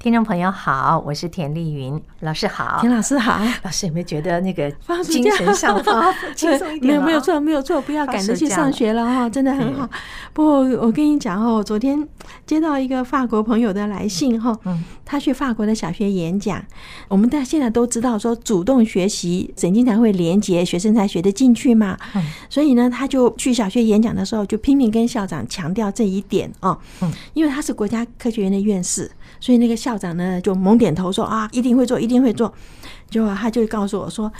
聽眾朋友好，我是田麗雲。老師好，田老師好啊，老師有沒有覺得那個精神上放輕鬆一點？沒，沒有沒有錯，沒有錯，不要趕着去上學了哈，真的很好。不過我跟你講哦，昨天接到一個法國朋友的來信哈，他去法國的小學演講，我們大家現在都知道說主動學習，神經才會連接，學生才學得進去嘛。所以呢，他就去小學演講的時候，就拼命跟校長強調這一點哦。嗯，因為他是國家科學院的院士。所以那個校長呢，就猛點頭說啊，一定會做，一定會做。就、啊、他就告訴我說，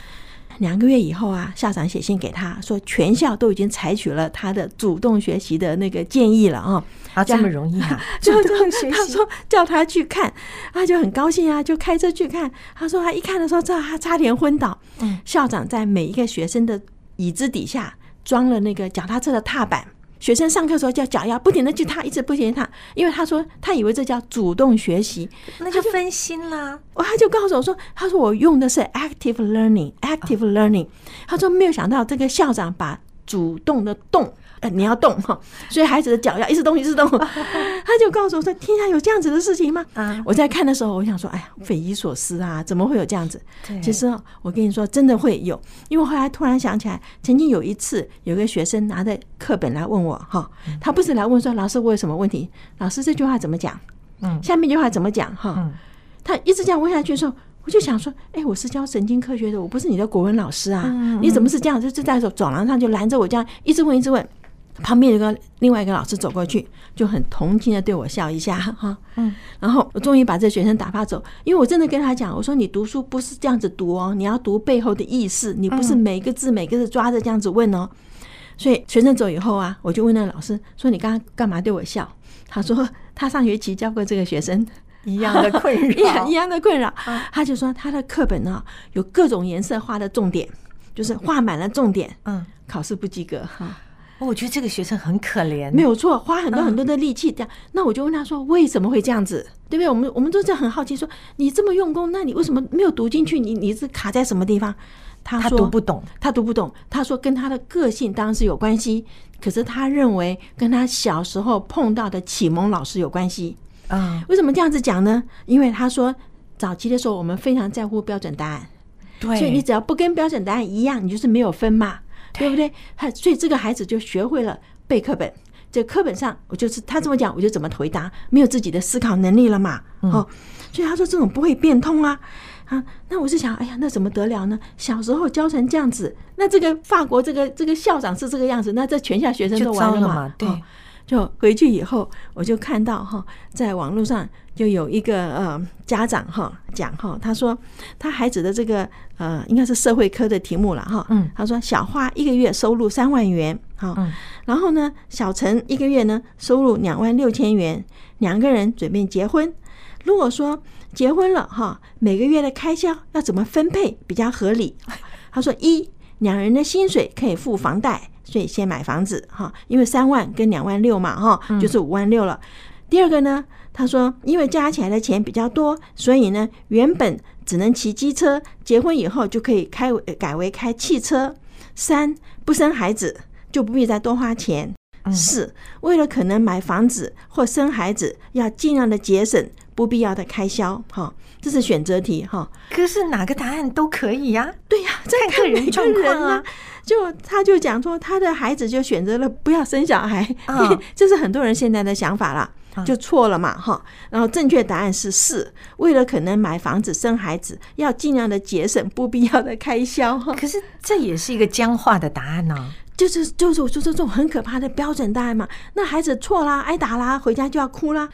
兩個月以後啊，校長寫信給他說，全校都已經採取了他的主動學習的那個建議了啊。啊，這麼容易啊？就他他說叫他去看，啊，就很高興啊，就開車去看。他說他一看的時候，這他差點昏倒、嗯。校長在每一個學生的椅子底下裝了那個腳踏車的踏板。學生上課時候叫腳丫，不停的就他一直不停他，因為他說他以為這叫主動學習，那就分心啦。我他，他就告訴我說，他說我用的是 active learning，active learning，, active learning、oh. 他說沒有想到這個校長把主動的動。呃、你要動哈，所以孩子的腳要一直動，一直動。 他就告訴我說：“天下有這樣子的事情嗎、啊？”我在看的時候，我想說：“哎呀，匪夷所思啊，怎麼會有這樣子？”對，其實我跟你說，真的會有。因為我後來突然想起來，曾經有一次，有個學生拿着課本來問我哈，他不是來問說：“老師，我有什麼問題？”老師這句話怎麼講？嗯，下面一句話怎麼講？哈，他一直這樣問下去的時候，我就想說：“哎，我是教神經科學的，我不是你的國文老師啊，嗯、你怎麼是這樣？就就在走廊上就攔着我這樣一直問，一直問，一直問。”旁邊有個另外一個老師走過去，就很同情的對我笑一下，哈，嗯，然後我終於把這學生打發走，因為我真的跟他講，我說你讀書不是這樣子讀哦，你要讀背後的意思，你不是每個字每個字抓着這樣子問哦。所以學生走以後啊，我就問那老師說：“你剛剛幹嘛對我笑？”他說：“他上學期教過這個學生一樣的困擾， 一樣的困擾。”他就說：“他的課本呢有各種顏色畫的重點，就是畫滿了重點，嗯，考試不及格。”哈。我覺得這個學生很可憐，沒有錯，花很多很多的力氣。這樣。那我就問他說為什麼會這樣子，對不對？我們我們都是很好奇說，說你這麼用功，那你為什麼沒有讀進去？你你是卡在什麼地方？他說他讀不懂，他讀不懂。他說跟他的個性當然是有關係，可是他認為跟他小時候碰到的啟蒙老師有關係。啊、嗯，為什麼這樣子講呢？因為他說早期的時候我們非常在乎標準答案，對。所以你只要不跟標準答案一樣，你就是沒有分嘛。對不對？所以這個孩子就學會了背課本，在課本上我就是他怎麼講我就怎麼回答，嗯，沒有自己的思考能力了嘛，嗯，哦，所以他說這種不會變通啊啊。那我是想，哎呀，那怎麼得了呢？小時候教成這樣子，那這個法國這個這個校長是這個樣子，那這全校學生都完了嘛，就糟了嘛，對。就回去以後，我就看到哈，在網絡上就有一個呃家長哈講哈，他說他孩子的這個呃應該是社會科的題目了哈，嗯，他說小花一個月收入三萬元，好，然後呢小陳一個月呢收入兩萬六千元，兩個人準備結婚，如果說結婚了哈，每個月的開銷要怎麼分配比較合理？他說一，兩人的薪水可以付房貸。所以先買房子哈，因為三萬跟兩萬六嘛哈，就是五萬六了。第二個呢，他說因為加起來的錢比較多，所以呢原本只能騎機車，結婚以後就可以開改為開汽車。三，不生孩子就不必再多花錢。四，為了可能買房子或生孩子，要盡量的節省不必要的開銷哈。這是選擇題哈，可是哪個答案都可以呀？啊？對呀、啊啊，看個人狀況啊。就他就講說，他的孩子就選擇了不要生小孩，嗯、 這是很多人現在的想法啦，就錯了嘛哈、嗯。然後正確答案是四、嗯，為了可能買房子、生孩子，要盡量的節省不必要的開銷哈。可是這也是一個僵化的答案呢、啊，就是就是我說、就是就是、這種很可怕的標準答案嘛。那孩子錯啦，捱打啦，回家就要哭啦。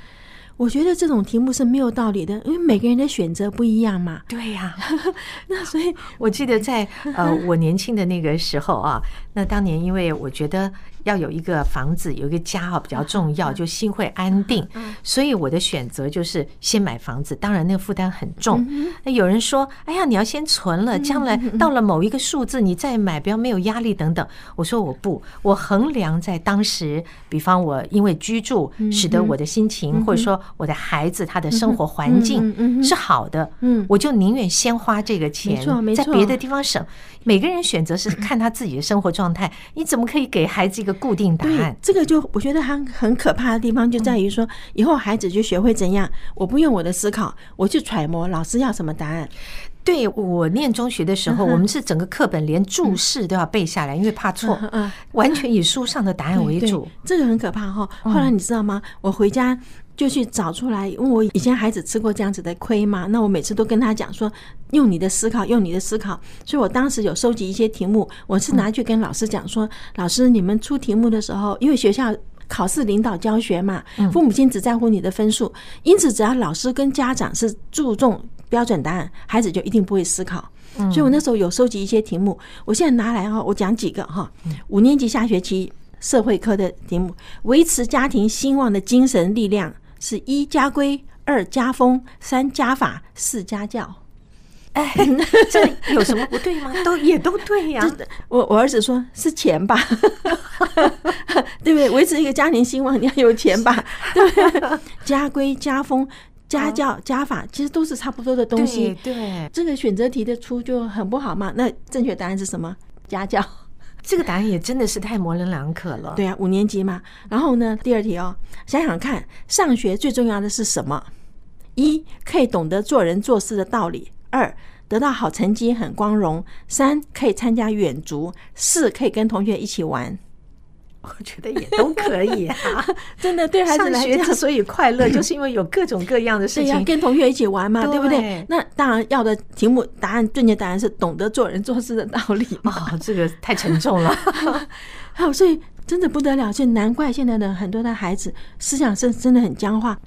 我覺得這種題目是沒有道理的，因為每個人的選擇不一樣嘛。對呀、啊 那所以我記得在呃我年輕的那個時候啊，那當年因為我覺得。要有一個房子，有一個家哈，比較重要，就心會安定。所以我的選擇就是先買房子，當然那個負擔很重。那有人說：“哎呀，你要先存了，將來到了某一個數字你再買，不要沒有壓力等等。”我說：“我不，我衡量在當時，比方我因為居住使得我的心情，或者說我的孩子他的生活環境是好的，我就寧願先花這個錢，在別的地方省。每個人選擇是看他自己的生活狀態。你怎麼可以給孩子一個？”固定答案對，對，這個就我覺得很很可怕的地方就在於說，以後孩子就學會怎樣，嗯、我不用我的思考，我去揣摩老師要什麼答案。對，我念中學的時候，嗯、我們是整個課本連注釋都要背下來，嗯、因為怕錯、嗯嗯，完全以書上的答案為主，這個很可怕哈。後來你知道嗎？嗯、我回家。就去找出來，因為我以前孩子吃過這樣子的虧嘛。那我每次都跟他講說，用你的思考，用你的思考。所以我當時有收集一些題目，我是拿去跟老師講說、嗯，老師，你們出題目的時候，因為學校考試領導教學嘛，嗯、父母親只在乎你的分數，因此只要老師跟家長是注重標準答案，孩子就一定不會思考。所以我那時候有收集一些題目，我現在拿來哈，我講幾個哈，五年級下學期社會科的題目，維持家庭興旺的精神力量。是一家規、二家風、三家法、四家教。哎，那這有什麼不對嗎、啊？都也都對呀、啊。 我我兒子說是錢吧， 對不對？維持一個家庭興旺，你要有錢吧，對不對？家規、家風、家教、家法，其實都是差不多的東西。對，對。這個選擇題的出就很不好嘛。那正確答案是什麼？家教。這個答案也真的是太模棱兩可了。 對啊，五年級嘛。然後呢，第二題哦，想想看，上學最重要的是什麼？一可以懂得做人做事的道理；二得到好成績很光榮；三可以參加遠足；四可以跟同學一起玩。 我覺得也都可以啊， 真的對孩子來講。之所以快樂，就是因為有各種各樣的事情， 啊、跟同學一起玩嘛，對不對？對欸、那當然，要的題目答案，正確答案是懂得做人做事的道理嘛、哦。這個太沉重了，還有，所以真的不得了，所以難怪現在的很多的孩子思想是真的很僵化。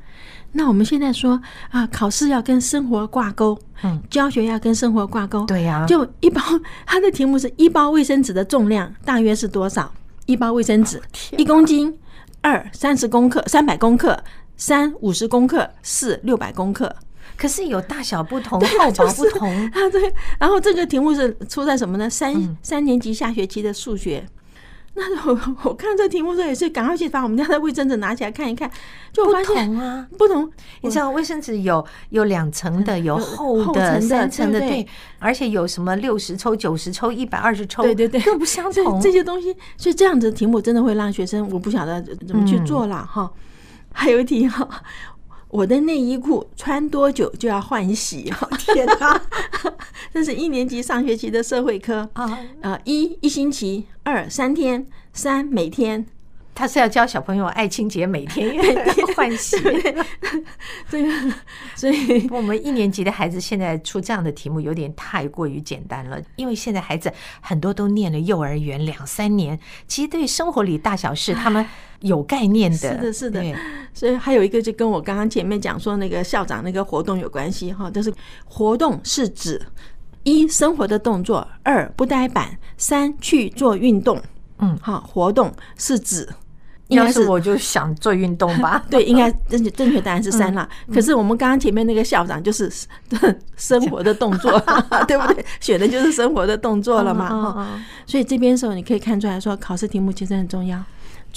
那我們現在說啊，考試要跟生活掛鈎，嗯，教學要跟生活掛鈎，對呀、啊。就一包，它的題目是一包衛生紙的重量大約是多少？一包衛生紙，一公斤，二三十公克，三百公克，三五十公克，四六百公克。可是有大小不同，厚、啊就是、薄不同啊。對，然後這個題目是出在什麼呢？三三年級下學期的數學。那我我看這題目時候也是，趕快去把我們家的衛生紙拿起來看一看，啊、就發現不同啊，不同。你知道衛生紙有有兩層的，有厚的、厚三層的，對，對，對，而且有什麼六十抽、九十抽、一百二十抽，對對對，更不相信不相同這些東西，所以這樣子的題目真的會讓學生，我不曉得怎麼去做了哈。嗯、還有一題哈。我的內衣褲穿多久就要換洗？天吶、啊， 這是一年級上學期的社會科啊，啊、uh. 呃，一一星期，二三天，三每天。他是要教小朋友愛清潔，每天要換洗。對，所以我們一年級的孩子現在出這樣的題目有點太過於簡單了，因為現在孩子很多都念了幼兒園兩三年，其實對生活裡大小事他們有概念的。是的，是的。所以還有一個就跟我剛剛前面講說那個校長那個活動有關係哈，就是活動是指一生活的動作，二不呆板，三去做運動。嗯，好，活動是指。應該是，是我就想做運動吧， 對，應該正確正確答案是三啦，嗯。可是我們剛剛前面那個校長就是生活的動作，嗯、 對不對？選的就是生活的動作了嘛。嗯嗯嗯，所以這邊的時候你可以看出來說，考試題目其實很重要。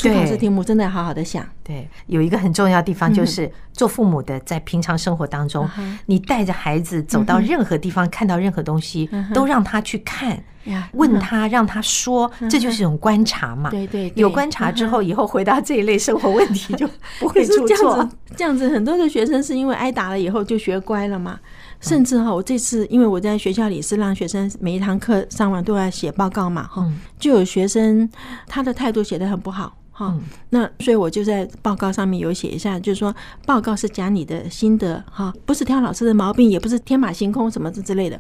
對，考試題目真的要好好的想。對，有一個很重要的地方就是，做父母的在平常生活當中，嗯、你帶着孩子走到任何地方，看到任何東西，嗯、都讓他去看，嗯、問他、嗯，讓他說，嗯、這就是一種觀察嘛。對、嗯、對，有觀察之後，以後回答這一類生活問題就不會出錯。 這樣子，這樣子很多的學生是因為挨打了以後就學乖了嘛。甚至哈、哦，我這次因為我在學校裡是讓學生每一堂課上完都要寫報告嘛，哈、嗯，就有學生他的態度寫得很不好。嗯，那所以我就在報告上面有寫一下，就是說，報告是講你的心得哈，不是挑老師的毛病，也不是天馬行空什麼之之類的。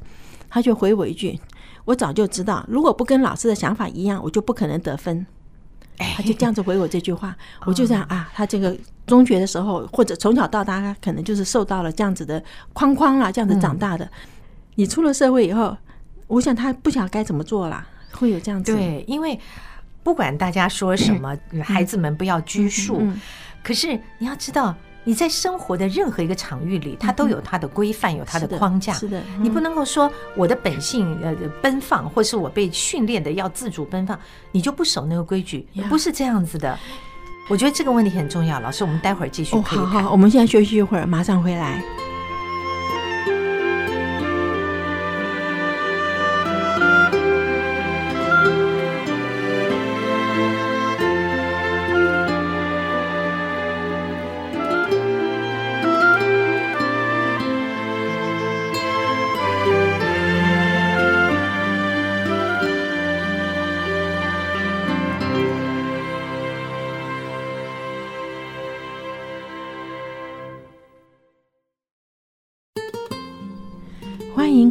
他就回我一句：“我早就知道，如果不跟老師的想法一樣，我就不可能得分。”他就這樣子回我這句話。我就想啊，啊，他這個中學的時候，或者從小到大，他可能就是受到了這樣子的框框啦、啊，這樣子長大的。你出了社會以後，我想他不曉得該怎麼做啦，會有這樣子。對，因為。不管大家說什麼，嗯、孩子們不要拘束，嗯。可是你要知道，你在生活的任何一個場域裡，嗯、它都有它的規範，嗯，有它的框架。是的，是的，嗯、你不能夠說我的本性呃奔放，或是我被訓練的要自主奔放，你就不守那個規矩，嗯，不是這樣子的。我覺得這個問題很重要，老師，我們待會兒繼續，哦。好好，我們現在休息一會兒，馬上回來。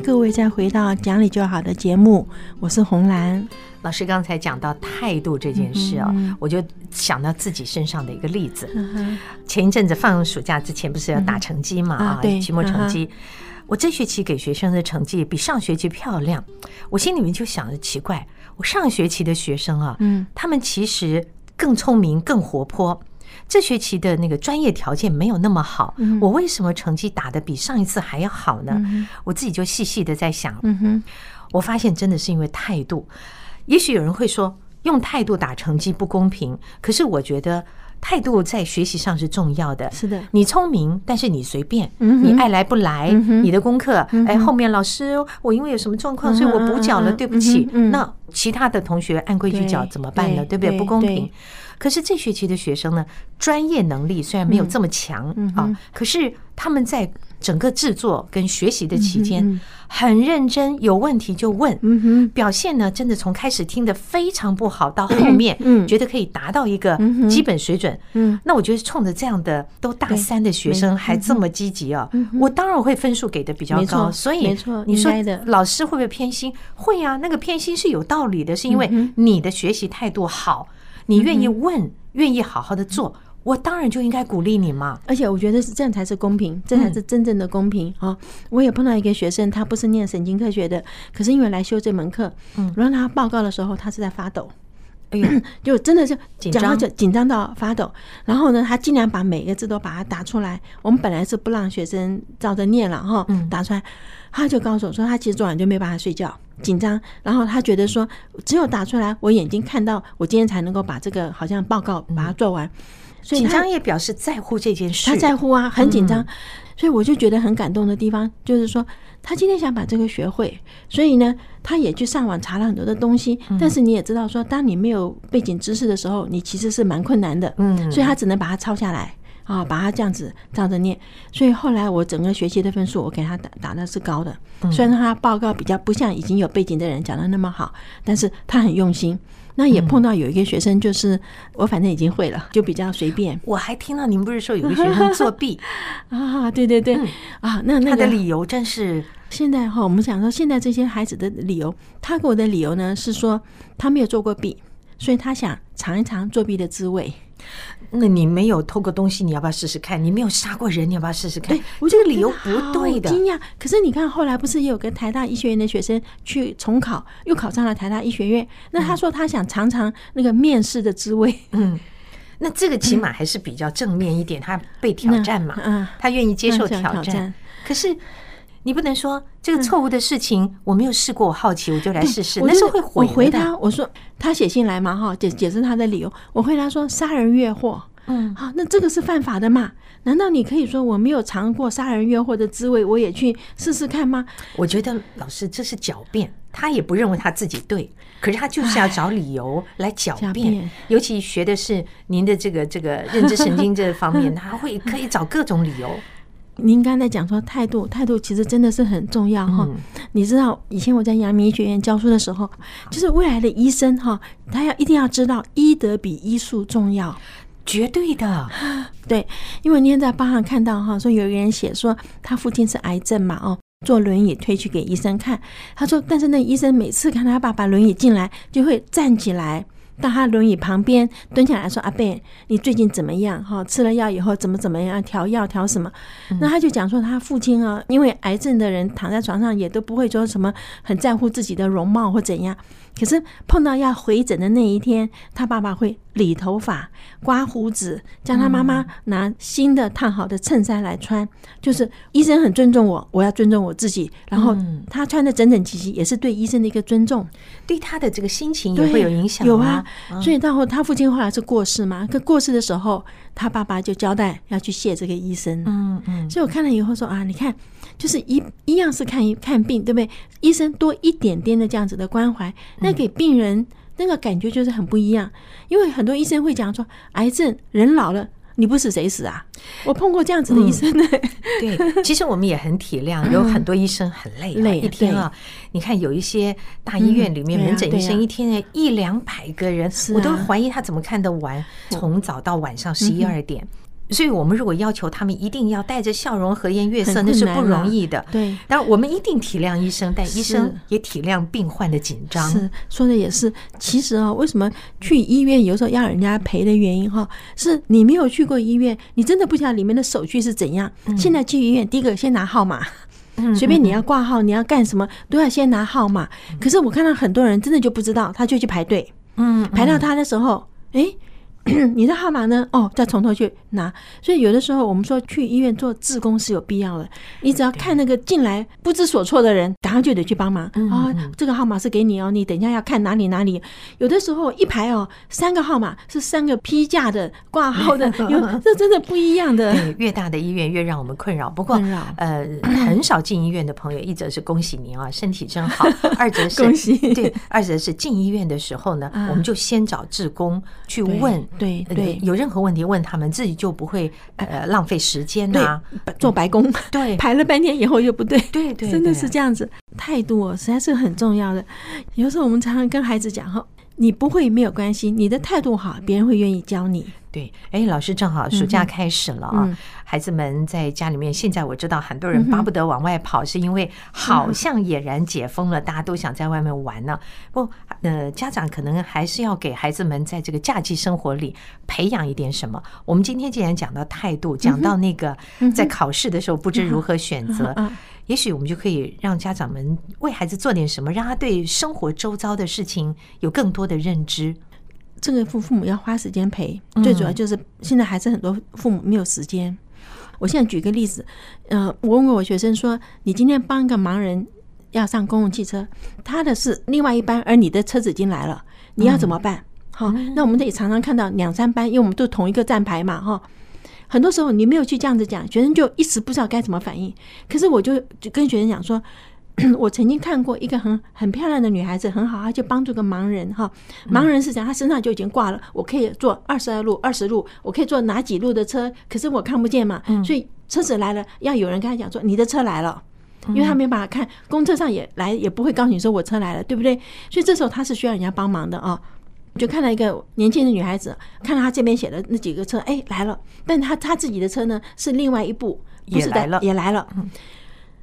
各位再回到「講理就好」的節目，我是洪蘭老師。剛才講到態度這件事啊，我就想到自己身上的一個例子。前一陣子放暑假之前不是要打成績嘛？啊，期末成績，我這學期給學生的成績比上學期漂亮，我心裡面就想着奇怪，我上學期的學生啊，嗯，他們其實更聰明、更活潑。這學期的那個專業條件沒有那麼好，我為什麼成績打得比上一次還要好呢？我自己就細細的在想，我發現真的是因為態度。也許有人會說，用態度打成績不公平。可是我覺得態度在學習上是重要的。是的，你聰明，但是你隨便，你愛來不來，你的功課，哎，後面老師我因為有什麼狀況，所以我補繳了，對不起。那其他的同學按規矩繳怎麼辦呢？對不對？不公平。可是這學期的學生呢，專業能力雖然沒有這麼強啊，可是他們在整個製作跟學習的期間很認真，有問題就問。表現呢，真的從開始聽得非常不好，到後面覺得可以達到一個基本水準。那我覺得衝着這樣的都大三的學生還這麼積極啊，我當然會分數給的比較高。所以，你說老師會不會偏心？會啊，那個偏心是有道理的，是因為你的學習態度好。你願意問，願意好好的做，我當然就應該鼓勵你嘛。而且我覺得是這樣才是公平，這才是真正的公平啊！嗯，我也碰到一個學生，他不是念神經科學的，可是因為來修這門課，嗯，然後他報告的時候，他是在發抖。哎，就真的是緊張，就緊張到發抖。然後呢，他盡量把每個字都把它打出來。我們本來是不讓學生照着念了哈，打出來。他就告訴我說，他其實昨晚就沒辦法睡覺，緊張。然後他覺得說，只有打出來，我眼睛看到，我今天才能夠把這個好像報告把它做完。所以緊張也表示在乎這件事，他在乎啊，很緊張。所以我就覺得很感動的地方，就是說他今天想把這個學會，所以呢，他也去上網查了很多的東西。但是你也知道，說當你沒有背景知識的時候，你其實是蠻困難的。嗯，所以他只能把它抄下來。啊、哦，把他這樣子照着念，所以後來我整個學期的分數，我給他打打的是高的。雖然他報告比較不像已經有背景的人講的那麼好，但是他很用心。那也碰到有一個學生，就是、嗯、我反正已經會了，就比較隨便。我還聽到你們不是說有一個學生作弊 啊？對對對、嗯、啊，那、那個、他的理由真是現在哈，我們想說現在這些孩子的理由，他給我的理由呢是說他沒有做過弊，所以他想嚐一嚐作弊的滋味。那你沒有偷過東西，你要不要試試看？你沒有殺過人，你要不要試試看？對，我這個，這個理由不對的。驚訝，可是你看，後來不是也有個台大醫學院的學生去重考，又考上了台大醫學院？那他說他想嘗嘗那個面試的滋味。嗯，那這個起碼還是比較正面一點，嗯、他被挑戰嘛，嗯、他願意接受挑戰。是挑戰可是你不能說這個錯誤的事情，我沒有試過，我、嗯、好奇，我就來試試。我那是、個、會回答，我回答我說 他寫信來嘛哈，解解釋他的理由，我回答說殺人越貨，嗯，好、啊，那這個是犯法的嘛？難道你可以說我沒有嘗過殺人越貨的滋味，我也去試試看嗎？我覺得老師這是狡辯，他也不認為他自己對，可是他就是要找理由來狡辯，尤其學的是您的這個這個認知神經這方面， 他會可以找各種理由。您剛才講說態度，態度其實真的是很重要哈、嗯。你知道以前我在陽明醫學院教書的時候，就是未來的醫生哈，他要一定要知道醫德比醫術重要，絕對的。對，因為那天在報上看到哈，說有一個人寫說他父親是癌症嘛，哦，坐輪椅推去給醫生看，他說，但是那醫生每次看他爸爸輪椅進來，就會站起來。到他輪椅旁邊蹲下來，說：“阿伯，你最近怎麼樣？哈，吃了藥以後怎麼怎麼樣？調藥調什麼？”那他就講說：“他父親啊，因為癌症的人躺在床上，也都不會說什麼很在乎自己的容貌或怎樣。”可是碰到要回診的那一天，他爸爸會理頭髮、刮鬍子，叫他媽媽拿新的燙好的襯衫來穿、嗯。就是醫生很尊重我，我要尊重我自己。然後他穿的整整齊齊，也是對醫生的一個尊重、嗯，對他的這個心情也會有影響、啊。有啊、嗯，所以到後他父親後來是過世嘛，可過世的時候，他爸爸就交代要去謝這個醫生。嗯嗯，所以我看了以後說啊，你看。就是一一樣是看一看病，對不對？醫生多一點點的這樣子的關懷，那給病人那個感覺就是很不一樣。因為很多醫生會講說，癌症人老了，你不死誰死啊？我碰過這樣子的醫生。嗯、 對，其實我們也很體諒，有很多醫生很累、啊，一天啊。你看有一些大醫院裡面門診醫生一天一兩百個人，我都懷疑他怎麼看得完，從早到晚上十一二點。所以，我們如果要求他們一定要帶着笑容、和顏悅色，那是不容易的。對，但我們一定體諒醫生，但醫生也體諒病患的緊張。是，是說的也是，其實啊、哦，為什麼去醫院有時候要人家陪的原因哈，是你沒有去過醫院，你真的不知道裡面的手續是怎樣、嗯。現在去醫院，第一個先拿號碼、嗯，隨便你要掛號、你要幹什麼，都要先拿號碼。可是我看到很多人真的就不知道，他就去排隊，嗯，排到他的時候，哎、嗯。誒 你的號碼呢？哦，再從頭去拿。所以有的時候我們說去醫院做志工是有必要的。你只要看那個進來不知所措的人，然、嗯、後就得去幫忙啊、嗯嗯哦。這個號碼是給你哦，你等一下要看哪裡哪裡。有的時候一排哦，三個號碼是三個批價的掛號的，有、嗯、這真的不一樣的。越大的醫院越讓我們困擾。不過、嗯嗯、呃，很少進醫院的朋友，一則是恭喜您啊，身體真好，二則是恭喜是。對，二則是進醫院的時候呢、嗯，我們就先找志工去問。對對、呃，有任何問題問他們，自己就不會呃浪費時間啊做白工，對，排了半天以後又不對，對對，對，對、啊，真的是這樣子，態度實在是很重要的。有時候我們常常跟孩子講哈，你不會沒有關係，你的態度好，別人會願意教你。對，哎，老師正好暑假開始了啊，嗯，孩子們在家裡面。現在我知道很多人巴不得往外跑，是因為好像儼然解封了，大家都想在外面玩呢、啊。不，呃，家長可能還是要給孩子們在這個假期生活裡培養一點什麼。我們今天既然講到態度，講到那個在考試的時候不知如何選擇，也許我們就可以讓家長們為孩子做點什麼，讓他對生活周遭的事情有更多的認知。這個父父母要花時間陪，最主要就是現在還是很多父母沒有時間。嗯、我現在舉個例子，呃，我問過我學生說：“你今天幫一個盲人要上公共汽車，他的是另外一班，而你的車子已經來了，你要怎麼辦？”哈、嗯哦，那我們這裡常常看到兩三班，因為我們都同一個站牌嘛，哈、哦。很多時候你沒有去這樣子講，學生就一時不知道該怎麼反應。可是我就就跟學生講說。 我曾經看過一個很很漂亮的女孩子，很好，她就幫助個盲人哈。盲人是這樣，她身上就已經掛了，我可以坐二十二路、二十路，我可以坐哪幾路的車，可是我看不見嘛，所以車子來了，要有人跟她講說你的車來了，因為她沒辦法看。公車上也來也不會告訴你說我車來了，對不對？所以這時候她是需要人家幫忙的啊。我就看到一個年輕的女孩子，看到她這邊寫的那幾個車，哎、欸、來了，但她她自己的車呢是另外一部不是，也來了，也來了。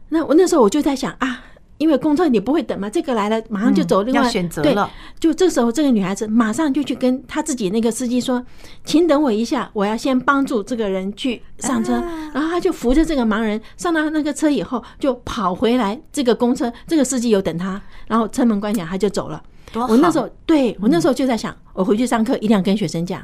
那我那時候我就在想啊，因為公車你不會等嘛，這個來了馬上就走，另外對，就這時候這個女孩子馬上就去跟她自己那個司機說，請等我一下，我要先幫助這個人去上車，然後她就扶着這個盲人上到那個車以後，就跑回來這個公車，這個司機有等她，然後車門關起來，她就走了。我那時候對我那時候就在想，我回去上課一定要跟學生講。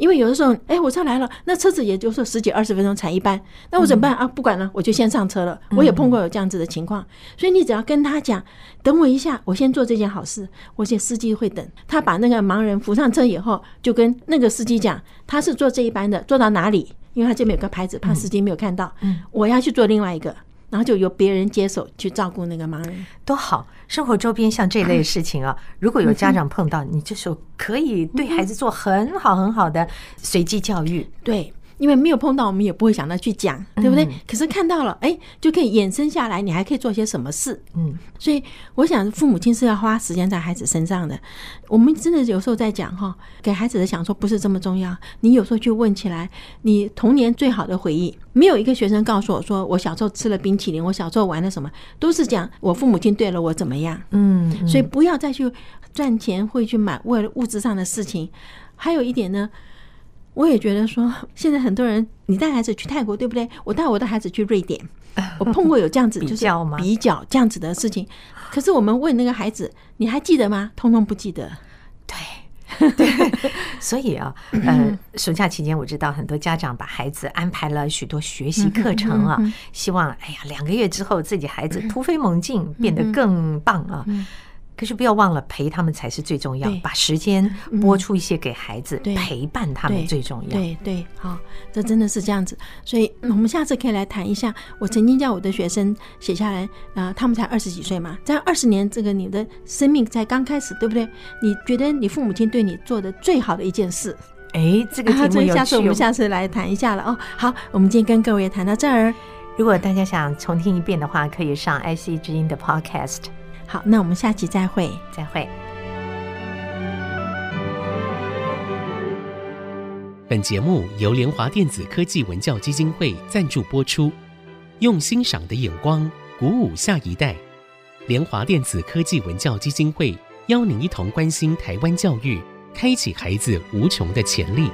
因為有的時候，哎、欸，火車來了，那車子也就是十幾二十分鐘才一班，那我怎麼辦啊？不管了，我就先上車了。我也碰過有這樣子的情況，嗯、所以你只要跟他講，等我一下，我先做這件好事。我先，司機會等他把那個盲人扶上車以後，就跟那個司機講，他是坐這一班的，坐到哪裡？因為他這邊有個牌子，怕司機沒有看到，我要去坐另外一個。然後就由別人接手去照顧那個盲人，多好！生活周邊像這類事情啊，如果有家長碰到，嗯、你這時候可以對孩子做很好很好的隨機教育。嗯、對。因為沒有碰到，我們也不會想到去講，對不對？嗯，可是看到了，哎，就可以衍生下來，你還可以做些什麼事？嗯，所以我想，父母親是要花時間在孩子身上的。我們真的有時候在講哈，哦，給孩子的享受不是這麼重要。你有時候去問起來，你童年最好的回憶，沒有一個學生告訴我說，我小時候吃了冰淇淋，我小時候玩了什麼，都是講我父母親對了我怎麼樣。嗯，嗯，所以不要再去賺錢，會去買為了物質上的事情。還有一點呢。我也覺得說，現在很多人，你帶孩子去泰國，對不對？我帶我的孩子去瑞典，我碰過有這樣子，就是比較比較這樣子的事情可統統。 可是我們問那個孩子，你還記得嗎？通通不記得。對，對 所以啊，呃，暑假期間我知道很多家長把孩子安排了許多學習課程啊，嗯嗯、希望哎呀，兩個月之後自己孩子突飛猛進，變得更棒啊。嗯可是不要忘了陪他們才是最重要，把時間撥出一些給孩子，嗯、陪伴他們最重要。對對，對，好，這真的是這樣子，所以我們下次可以來談一下。我曾經叫我的學生寫下來啊，呃，他們才二十幾歲嘛，在二十年這個你的生命才剛開始，對不對？你覺得你父母親對你做的最好的一件事？哎，這個題目有趣哦，下次我們下次來談一下了哦。好，我們今天跟各位談到這兒。如果大家想重聽一遍的話，可以上 IC 之音的 Podcast。好，那我們下期再會。再會。本節目由聯華電子科技文教基金會贊助播出，用欣賞的眼光鼓舞下一代。聯華電子科技文教基金會邀您一同關心台灣教育，開啟孩子無窮的潛力。